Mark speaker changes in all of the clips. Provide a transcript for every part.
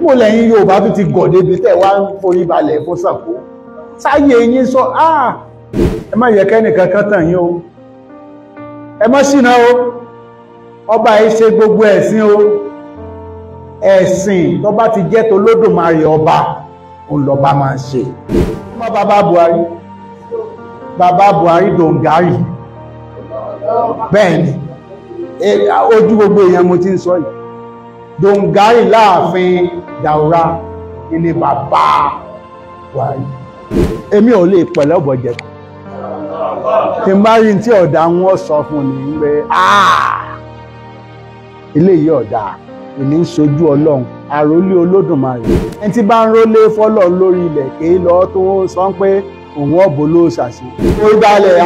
Speaker 1: mo lẹ́yìn Yorùbá tó ti gọ̀ débi tẹ́ wá ń forí balẹ̀ fún Ṣàngó sáyé yín sọ áà ah, ẹ má yẹ kẹ́nìkan kan tàn yín o ẹ má ṣìnà o ọba yìí ṣe gbogbo ẹ̀sìn o ẹ̀sìn tó bá ti jẹ́ tolódùmarè ọba òun lọ́ba máa ń ṣe mọ́ bàbá Buhari bàbá Buhari dòǹgárì bẹ́ẹ̀ ni ojú gbogbo èèyàn mo ti ń sọ yìí dongari láàfin Daura ilé bàbá wáyé èmi ò lè pẹ̀lẹ́ ọ̀bọ̀ jẹ̀kọ̀ tí n bá rí tí ọ̀dà wọn sọ fún mi ń pẹ́ ilé yìí ọ̀dà èmi ń sojú ọlọ́run àròlé olódùmarè ẹni tí bá ń rólé fọ́lọ̀ lórí ilẹ̀ kéé lọ tó sọ pé òun ọ̀bọ ló ṣàṣe. ó gbalẹ̀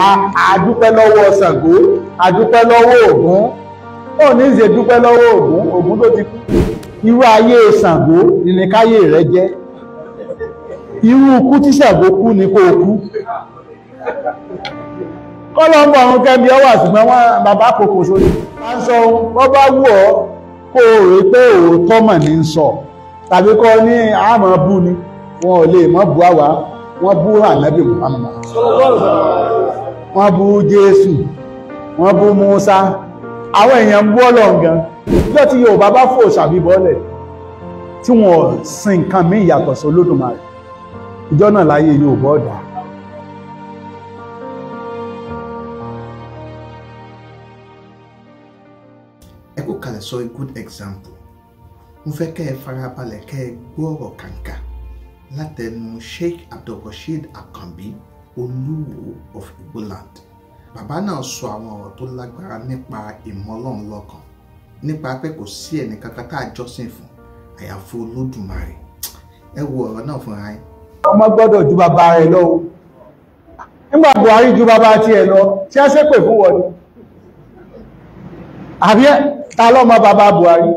Speaker 1: àdúpẹ́ lọ́wọ́ Ṣàngó àdúpẹ́ lọ́wọ́ Ògún o ní ṣe dúpẹ́ lọ́wọ́ tó ti kú irú ayé Ṣàngó ní káyé rẹ jẹ́ irú ikú tí Ṣàngó kú ni kó kú kọ́lọ́mbọ̀ ọ̀run kẹ́bí ọwà ṣùgbọ́n bàbá kòkò sórí bá ń sọ wọ́n bá wù ọ́ kó o rè pé òótọ́ mọ̀ ní sọ tàbí kọ́ ní àmọ́ bú ni wọn ò lè mọ́ àwa wọ́n bú ànábì Muhammad wọ́n bú Jésù wọ́n bú Musa àwọn èèyàn ń bú Ọlọ́run gan nígbà tí Yorùbá bá fò ṣàbíbọ́lẹ̀ tí wọ́n sin nǹkan mí ìyàtọ̀ sí Olódùmarè ìjọ náà láyé Yorùbá ọ̀dà ẹ kú kalẹ̀ sọ a good example mo fẹ́ kẹ́ ẹ farabalẹ̀ kẹ́ ẹ gbọ́rọ̀ kàǹkà látẹnu Sheikh Abdulrasheed Akanbi Olúwo of Igboland bàbá náà sọ àwọn ọ̀rọ̀ tó lágbára nípa ìmọ̀ Ọlọ́run lọ́kàn nípa pé kò sí ẹnì kankan tá a jọ́sìn fún àyàfi Olódùmarè ẹ wo ọ̀rọ̀ náà fúnra yín. ọmọ gbọ́dọ̀ ju bàbá rẹ̀ lọ o nígbà Buhari ju bàbá tiẹ̀ lọ tí a ṣépè fún wọn ni àbí ta lọ́mọ bàbá Buhari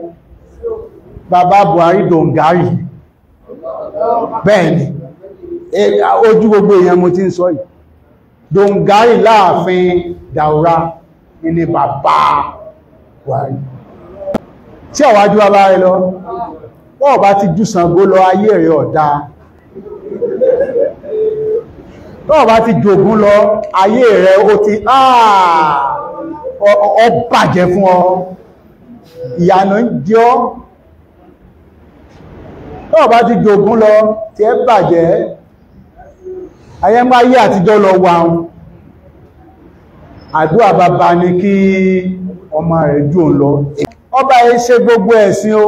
Speaker 1: bàbá Buhari dòǹgárì bẹ́ẹ̀ ni ojú gbogbo èèyàn mo ti ń sọ yìí dongari láàfin Daura ilé bàbá Buhari tí àwájú bàbá rẹ̀ lọ wọ́n bá ti jù Ṣàngó lọ ayé rẹ̀ ọ̀dá wọ́n bá ti jògún lọ ayé rẹ̀ ó ti ọ ah, bàjẹ́ fún ọ ìyànà ń jẹ́ ọ́ wọ́n bá ti jògún lọ tí ẹ bàjẹ́ ayẹ́mbá yí àtijọ́ lọ wà ń àdúrà bàbá ní kí ọmọ rẹ̀ jù ń lọ ọba ẹ ṣe gbogbo ẹ̀sìn o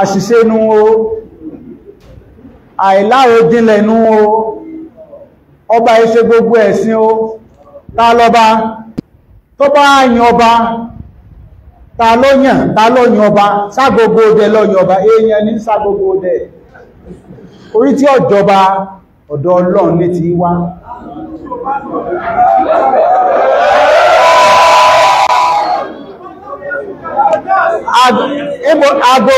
Speaker 1: àṣìṣe nú o àìláàrò dínlẹ̀ nú o ọba ẹ ṣe gbogbo ẹ̀sìn o ta lọ́ba tó bá yìn ọba ta ló ta ló yìn ọba ságbogbo ọdẹ ló ọba èèyàn ní ságbogbo ọdẹ orí tí ọjọba ọ̀dọ̀ ọlọ́run ní ti agogo
Speaker 2: jẹ lẹ́bẹ̀ ẹ̀mà agogo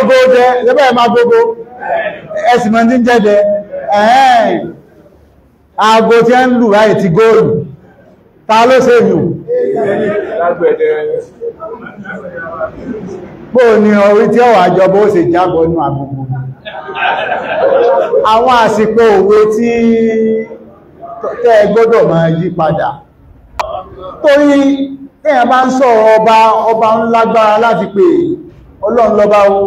Speaker 1: ẹ̀sì agogo ní ẹ̀ẹ́n ago tí ń lù ráyè ti góòlù ta ló ṣe yù pò ní orí tí ọwà agogo àwọn àsìkò òwe tí tẹ́ gbọ́dọ̀ máa yí padà torí èèyàn bá ń sọ̀rọ̀ ọba ọba ń lágbára láti pè ọlọ́run lọ́ba ó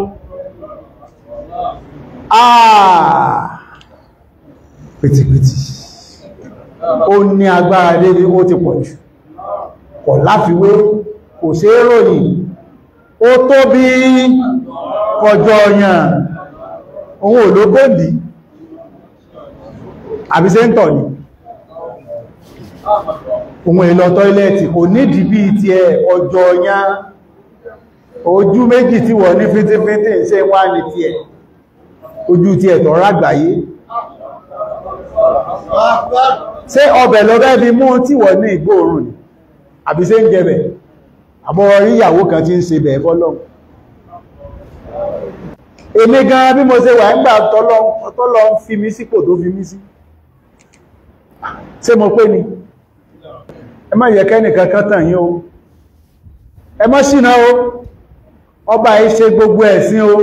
Speaker 1: àà ah! pìtìpìtì ó ní agbára débi ó ti pọ̀ jù kọ̀ láfiwé kò sí ó tó bí kọjọ yàn òun ò ló góòlì àbí sẹ́ńtọ̀ ni òun èlò tọ́ilẹ̀tì kò nídìí bí ti ẹ ọjọ́ ọ̀yá ojú méjì tí wọ́n ní fítífítí ṣe wá ní ti ẹ̀ ojú ti ẹ̀tọ̀ rágbàáyé ṣé ọbẹ̀ lọ bẹ́ bí mú tí wọ́n ní ìgbóòrùn àbí ṣe ń jẹbẹ̀ àbọ̀ kan tí ń ṣe bẹ̀ fọ́lọ́run èmi gan bí mo ṣe wà nígbà tọ́lọ ń fi mí sípò tó fi mí sí ṣé mo pé ni ẹ má yẹ kẹ́nìkan kan tàn yín o ẹ má ṣìnà o ọba yìí ṣe gbogbo ẹ̀sìn o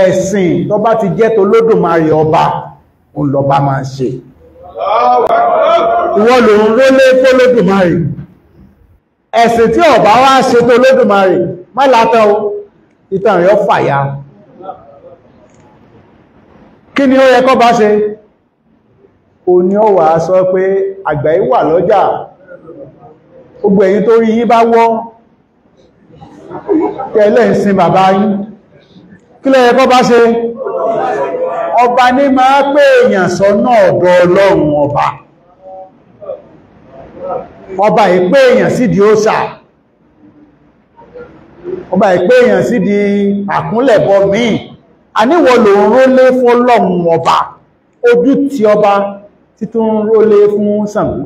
Speaker 1: ẹ̀sìn tó bá ti jẹ́ tó lódùmarè ọba òun lọ́ba máa ń ṣe ìwọ lòun rólé tó lódùmarè ẹ̀sìn tí ọba wá ṣe tó lódùmarè má látọ̀ o ìtàn rẹ̀ fàyà kí ni ó yẹ kọ́ bá ṣe o ní ó wà sọ pé àgbàyí wà lọ́jà gbogbo ẹ̀yin tó rí yín bá wọ́ tẹ́lẹ̀ ń sin bàbá yín kí ló yẹ kọ́ bá ṣe ọba ní máa pé èèyàn sọ́nà ọ̀dọ̀ ọlọ́run ọba ọba ìpé èèyàn sídìí ó ṣáà ọba ìpé èèyàn sí di àkúnlẹ̀bọ míì a níwọ̀ ló ń rólé fọ́lọ́hun ọba ojú ti ọba tí tó ń rólé fún Ṣàngó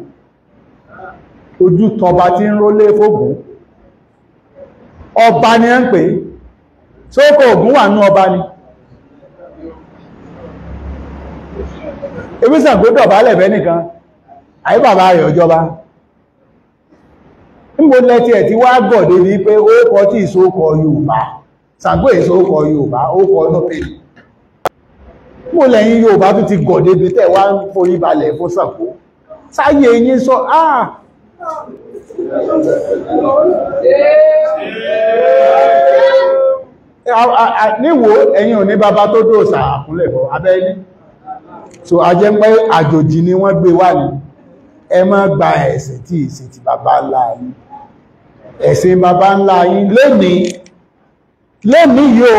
Speaker 1: ojú tọba tí ń rólé fógún ọba ni ẹ ń pè sókò Ògún wà ní ọba ni ebí Ṣàngó dọ̀bálẹ̀ bẹ́nìkan àyíbàbá rẹ̀ ọjọ́ba níbo lẹ́tí ẹ̀ tí wá gọ̀ débi pé ó kọ tí ìsókọ Yorùbá Ṣàngó ìsókọ Yorùbá ó kọ nọ́pẹ̀ níbo lẹ́yìn Yorùbá tó ti gọ̀ débi tẹ́ wá ń forí balẹ̀ fún Ṣàngó sáyé yín sọ ah níwò ẹ̀yin ò ní bàbá tó dò sàkúnlẹ̀ fọ́ abẹ́lé so a jẹ́ pé àjòjì ni wọ́n gbé wà ní ẹ má gba ẹ̀sẹ̀ tí ìsẹ̀ ti bàbá láàrin ẹ̀sìn bàbá ńlá yín lónìí lónìí yóò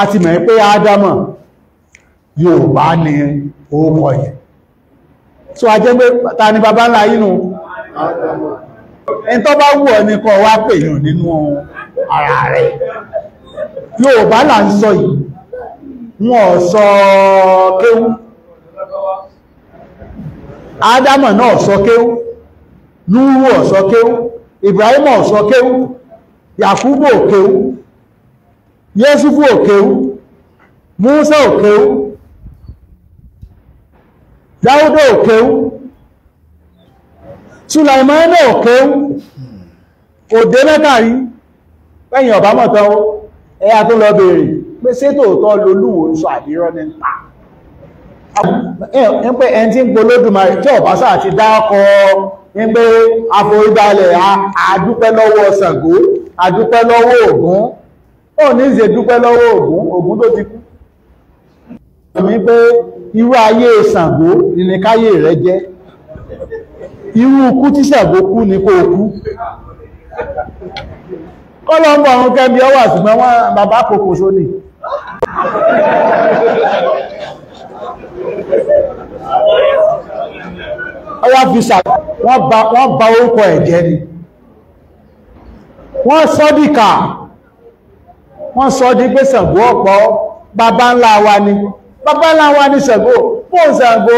Speaker 1: a ti mẹ̀ pé ádámọ̀ Yorùbá ni orúkọ yẹn so a jẹ́ pé ta ni bàbá ńlá yín nù ẹni tó bá wù ọ ní kọ́ wá pèèyàn nínú ara rẹ̀ Yorùbá là ń sọ yìí wọn ò sọ kéwú ádámọ̀ náà sọ kéwú núwú ò Ibrahim ọ̀sọ́ kéwú Yakubu òkéwú Yéṣufu òkéwú Musa òkéwú Dáúdó òkéwú Sulaimani òkéwú òdé mẹ́tàrí pẹ́yìn ọ̀bá mọ̀tọ́ ẹ̀yà tó lọ bèèrè pé sétò tọ́ lolúwo ń sọ àbírọ́ ní pa ẹ̀yìn pé ẹni tí ń polódùmarè tí ọ̀bá sáà ti dá ọkọ̀ ọ́ ní pé àforíbalẹ̀ àdúpẹ́ lọ́wọ́ Ṣàngó àdúpẹ́ lọ́wọ́ Ògún ó ní ìṣe dúpẹ́ lọ́wọ́ Ògún Ògún tó ti kú ní pé irú ayé Ṣàngó ní káyé rẹ jẹ́ irú ikú tí Ṣàngó kú ni kó kú kọ́lọ́mbọ̀ ọ̀run kẹ́mi ọwà ṣùgbọ́n wọ́n bàbá kòkòṣó ni ọya visa wọ́n ba orúkọ ẹ̀ jẹ́ ni wọ́n sọ dìkà wọ́n sọ di pé Ṣàngó ọ̀pọ̀ bàbá ńlá wa ni bàbá ńlá wa ni Ṣàngó fún Ṣàngó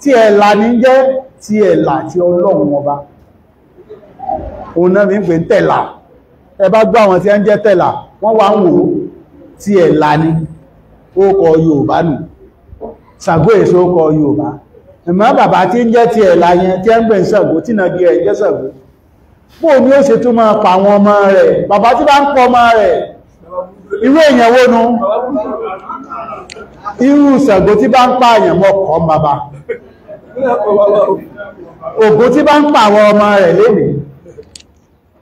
Speaker 1: tí ẹ̀là ní jẹ́ tí ẹ̀là tí ọlọ́run ọba òun náà mi ń pè tẹ̀là ẹ bá gbọ́ ń jẹ́ ẹ̀mọ́ bàbá tí ń jẹ́ ti ẹ̀là yẹn tí ẹ ń gbẹ̀ ń Ṣàngó tí náà bí ẹ̀ jẹ́ Ṣàngó bó ní ó ṣe tún máa pa àwọn ọmọ rẹ̀ bàbá tí bá ń pọ ọmọ rẹ̀ irú èèyàn wó nu irú Ṣàngó tí bá ń pa àyàn mọ́ kọ́ bàbá ògùn tí bá ń pa àwọn ọmọ rẹ̀ lénìí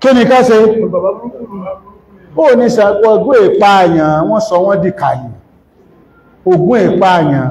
Speaker 1: kí ni ká ṣe ìpa àyàn wọ́n sọ wọ́n di kàyìn ogún ìpa àyàn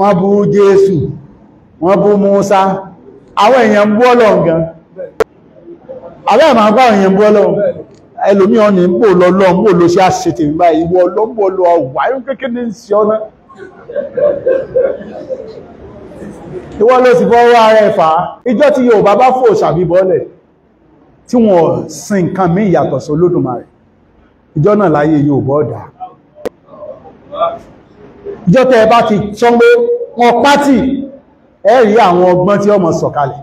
Speaker 1: wọ́n bú Jésù wọ́n bú musa àwọn èèyàn bú Ọlọ́run gan àbẹ́ àmà àgbà èèyàn bú Ọlọ́run ẹlòmí ń lọ lọ́n lọ sí àṣètè nígbà ìwọ ọlọ́mbò wáyé kékeré ń sí ọ́nà ara ẹ̀fà ìjọ tí bá fò jọ́tẹ̀ bá ti chọmọ, pé wọn pátì ẹ̀rí àwọn ọgbọ́n tí ọmọ sọ̀kalẹ̀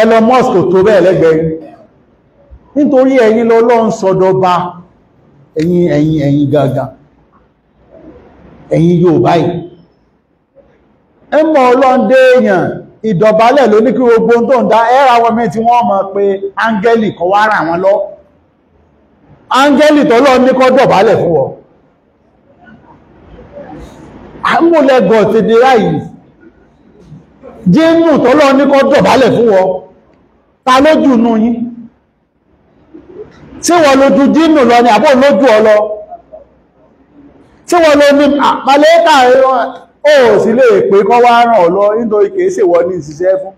Speaker 1: ẹlọ Musk tó bẹ́ẹ̀ lẹ́gbẹ̀ẹ́ nítorí lọ lọ́lọ́run sọdọba ẹ̀yin ẹ̀yin ẹ̀yìn gaga ẹ̀yìn yóò báyìí ẹ lọ tọ́lọ́ ní kọ́ jímù lẹ́gọ̀ ti di ráyìí jímù tọ́lọ́ ní kọ́ dọ̀bálẹ̀ fún wọ ta lójú nú yín tí wọ́n lójú jímù lọ ni àbọ̀ lójú ọ lọ tí wọ́n ló ní àpàlẹ́kà ó sì lè pé kọ́ wá ràn ọ lọ nítorí kìí ṣe wọ́n ní ìṣiṣẹ́ fún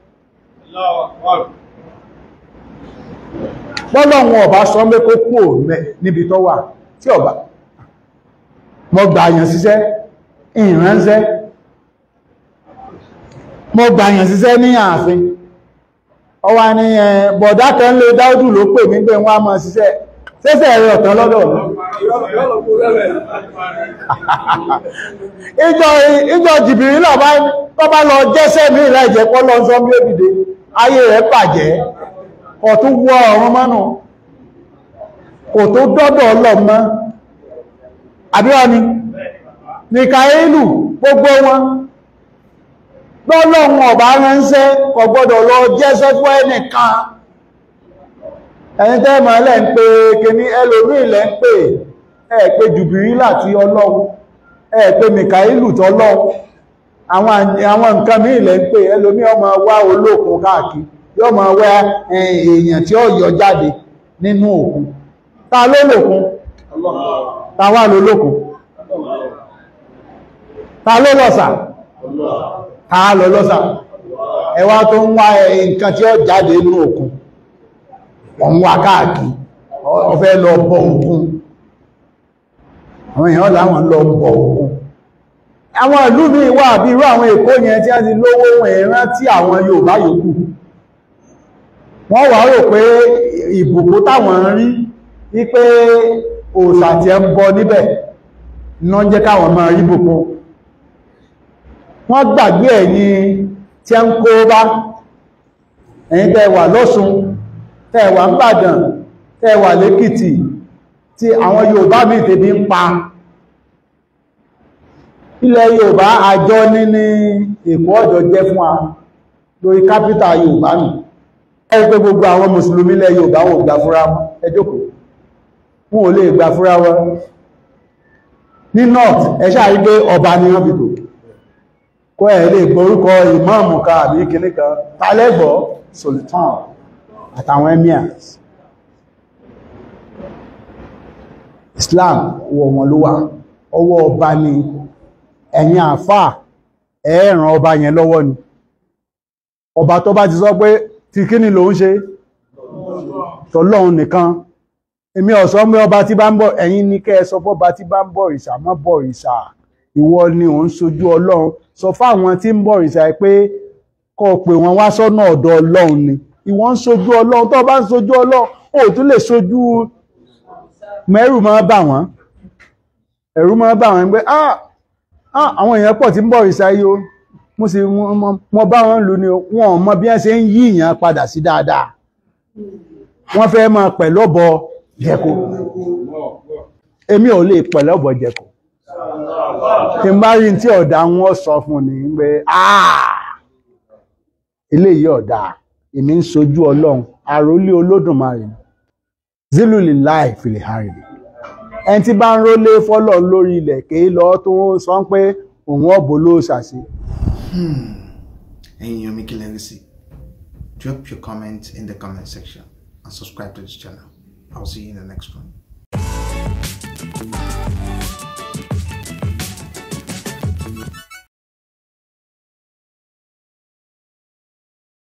Speaker 1: bọ́lọ̀wọ̀n ọba sọ mẹ́kó kú ò níbi tó tí ọba mọ́ gbà àyàn ṣiṣẹ́ ìránṣẹ́ mo gbàyàn síṣẹ́ ní ààfin ọwà ní ẹ bọ̀dá kan lè dáúdù ló pè mí pé wọ́n á máa ṣiṣẹ́ sẹ́sẹ̀ rẹ̀ ọ̀tán lọ́dọ̀ ìjọ jìbìrì náà bá lọ jẹ́sẹ̀ mí ìrẹ́jẹ́ pọ́ lọ sọ bí ayé rẹ̀ bàjẹ́ kò tó wọ ọ̀run mọ́nà kò mìkàílù gbogbo wọn lọ́lọ́run ọ̀bá ránṣẹ́ kò lọ jẹ́ sọ́fọ́ ẹnìkan ẹni tẹ́mọ̀ ẹlẹ́ ń pè kìní ẹlòmí ilẹ̀ ń pè jùbìrí láti ọlọ́run tọ́lọ́run àwọn nǹkan ta ló lọ́sà
Speaker 2: ta lọ lọ́sà
Speaker 1: ẹwà tó ń wá nǹkan tí ó jáde inú òkun ọ̀hún wá káàkiri ọ̀fẹ́ lọ bọ̀ òkun àwọn èèyàn láwọn lọ bọ̀ òkun àwọn ìlú mi wà bí irú àwọn Èkó yẹn tí a ti lówó ohun ẹ̀rán tí àwọn Yorùbá yòókù wọ́n wà rò pé ìbùkún táwọn rí wípé òòṣà tí ẹ ń bọ níbẹ̀ náà jẹ́ káwọn máa rí bùkún wọ́n gbàgbé ẹ̀yin tí a ń kó bá ẹ̀yin tẹ́ẹ̀wà lọ́ṣun tẹ́ẹ̀wà ń bàdàn tẹ́ẹ̀wà lẹ́kìtì tí àwọn Yorùbá mi tèbí ń pa ilẹ̀ Yorùbá àjọ ní ní Èkó ọ̀jọ̀ jẹ́ fún wa lórí kápítà Yorùbá mi ẹgbẹ́ gbogbo àwọn mùsùlùmí ilẹ̀ Yorùbá wọn ò gbà fúnra ẹ jókòó wọn ò lè kó ẹ̀ lè gborúkọ ìmáàmù ká àbí kìíní kan tálẹ́gbọ́ sultan àtàwọn emirs Islam wọ̀ wọn ló wà ọwọ́ ọba ni ẹ̀yin àfáà ẹ̀ẹ̀ràn ọba yẹn lọ́wọ́ ni ọba tó bá ti sọ pé ti kí ni ló ń ṣe tọ́lọ́un nìkan èmi ọ̀sọ́ mẹ́ ọba tí bá ń bọ̀ ẹ̀yin ní kẹ́ ẹ sọ fọ́ba bá ń bọ òrìṣà mọ́ bọ òrìṣà ìwọ ni òun ṣojú ọlọ́run sọ fáwọn tí ń bọ̀ ìṣà pé kọ́ pé wọ́n wá sọ́nà ọ̀dọ̀ ọlọ́run ni ìwọ́n ń sojú ọlọ́run tó bá ń sojú ọlọ́run ó tún lè sojú mẹ́rù máa bà wọ́n ẹ̀rù máa bà wọ́n pé ah, ah, àwọn èèyàn pọ̀ tí ń bọ̀ ìṣà yìí o mo sì wọ́n bá wọn lù ní wọn ò mọ bí wọ́n ṣe ń yí ìyàn padà sí dáadáa wọ́n fẹ́ máa pẹ̀lú ọ̀bọ jẹ̀kọ èmi ò lè pẹ̀lú ọ̀bọ jẹ̀kọ tí n bá rí tí ọ̀dà wọn sọ fún ni pé ah! eléyìí ọ̀dà èmi ń sojú ọlọ́run àròlé olódùmarè ziluli láì fìlè harì ẹni tí bá ń rólé fọ́lọ̀ lórí ilẹ̀ kéé lọ tó ń sọ pé òun ọ̀bọ ló ṣàṣe. ẹ̀yin yomi kí lè sí drop your comment in the comment section and subscribe to this channel I will see you in the next one.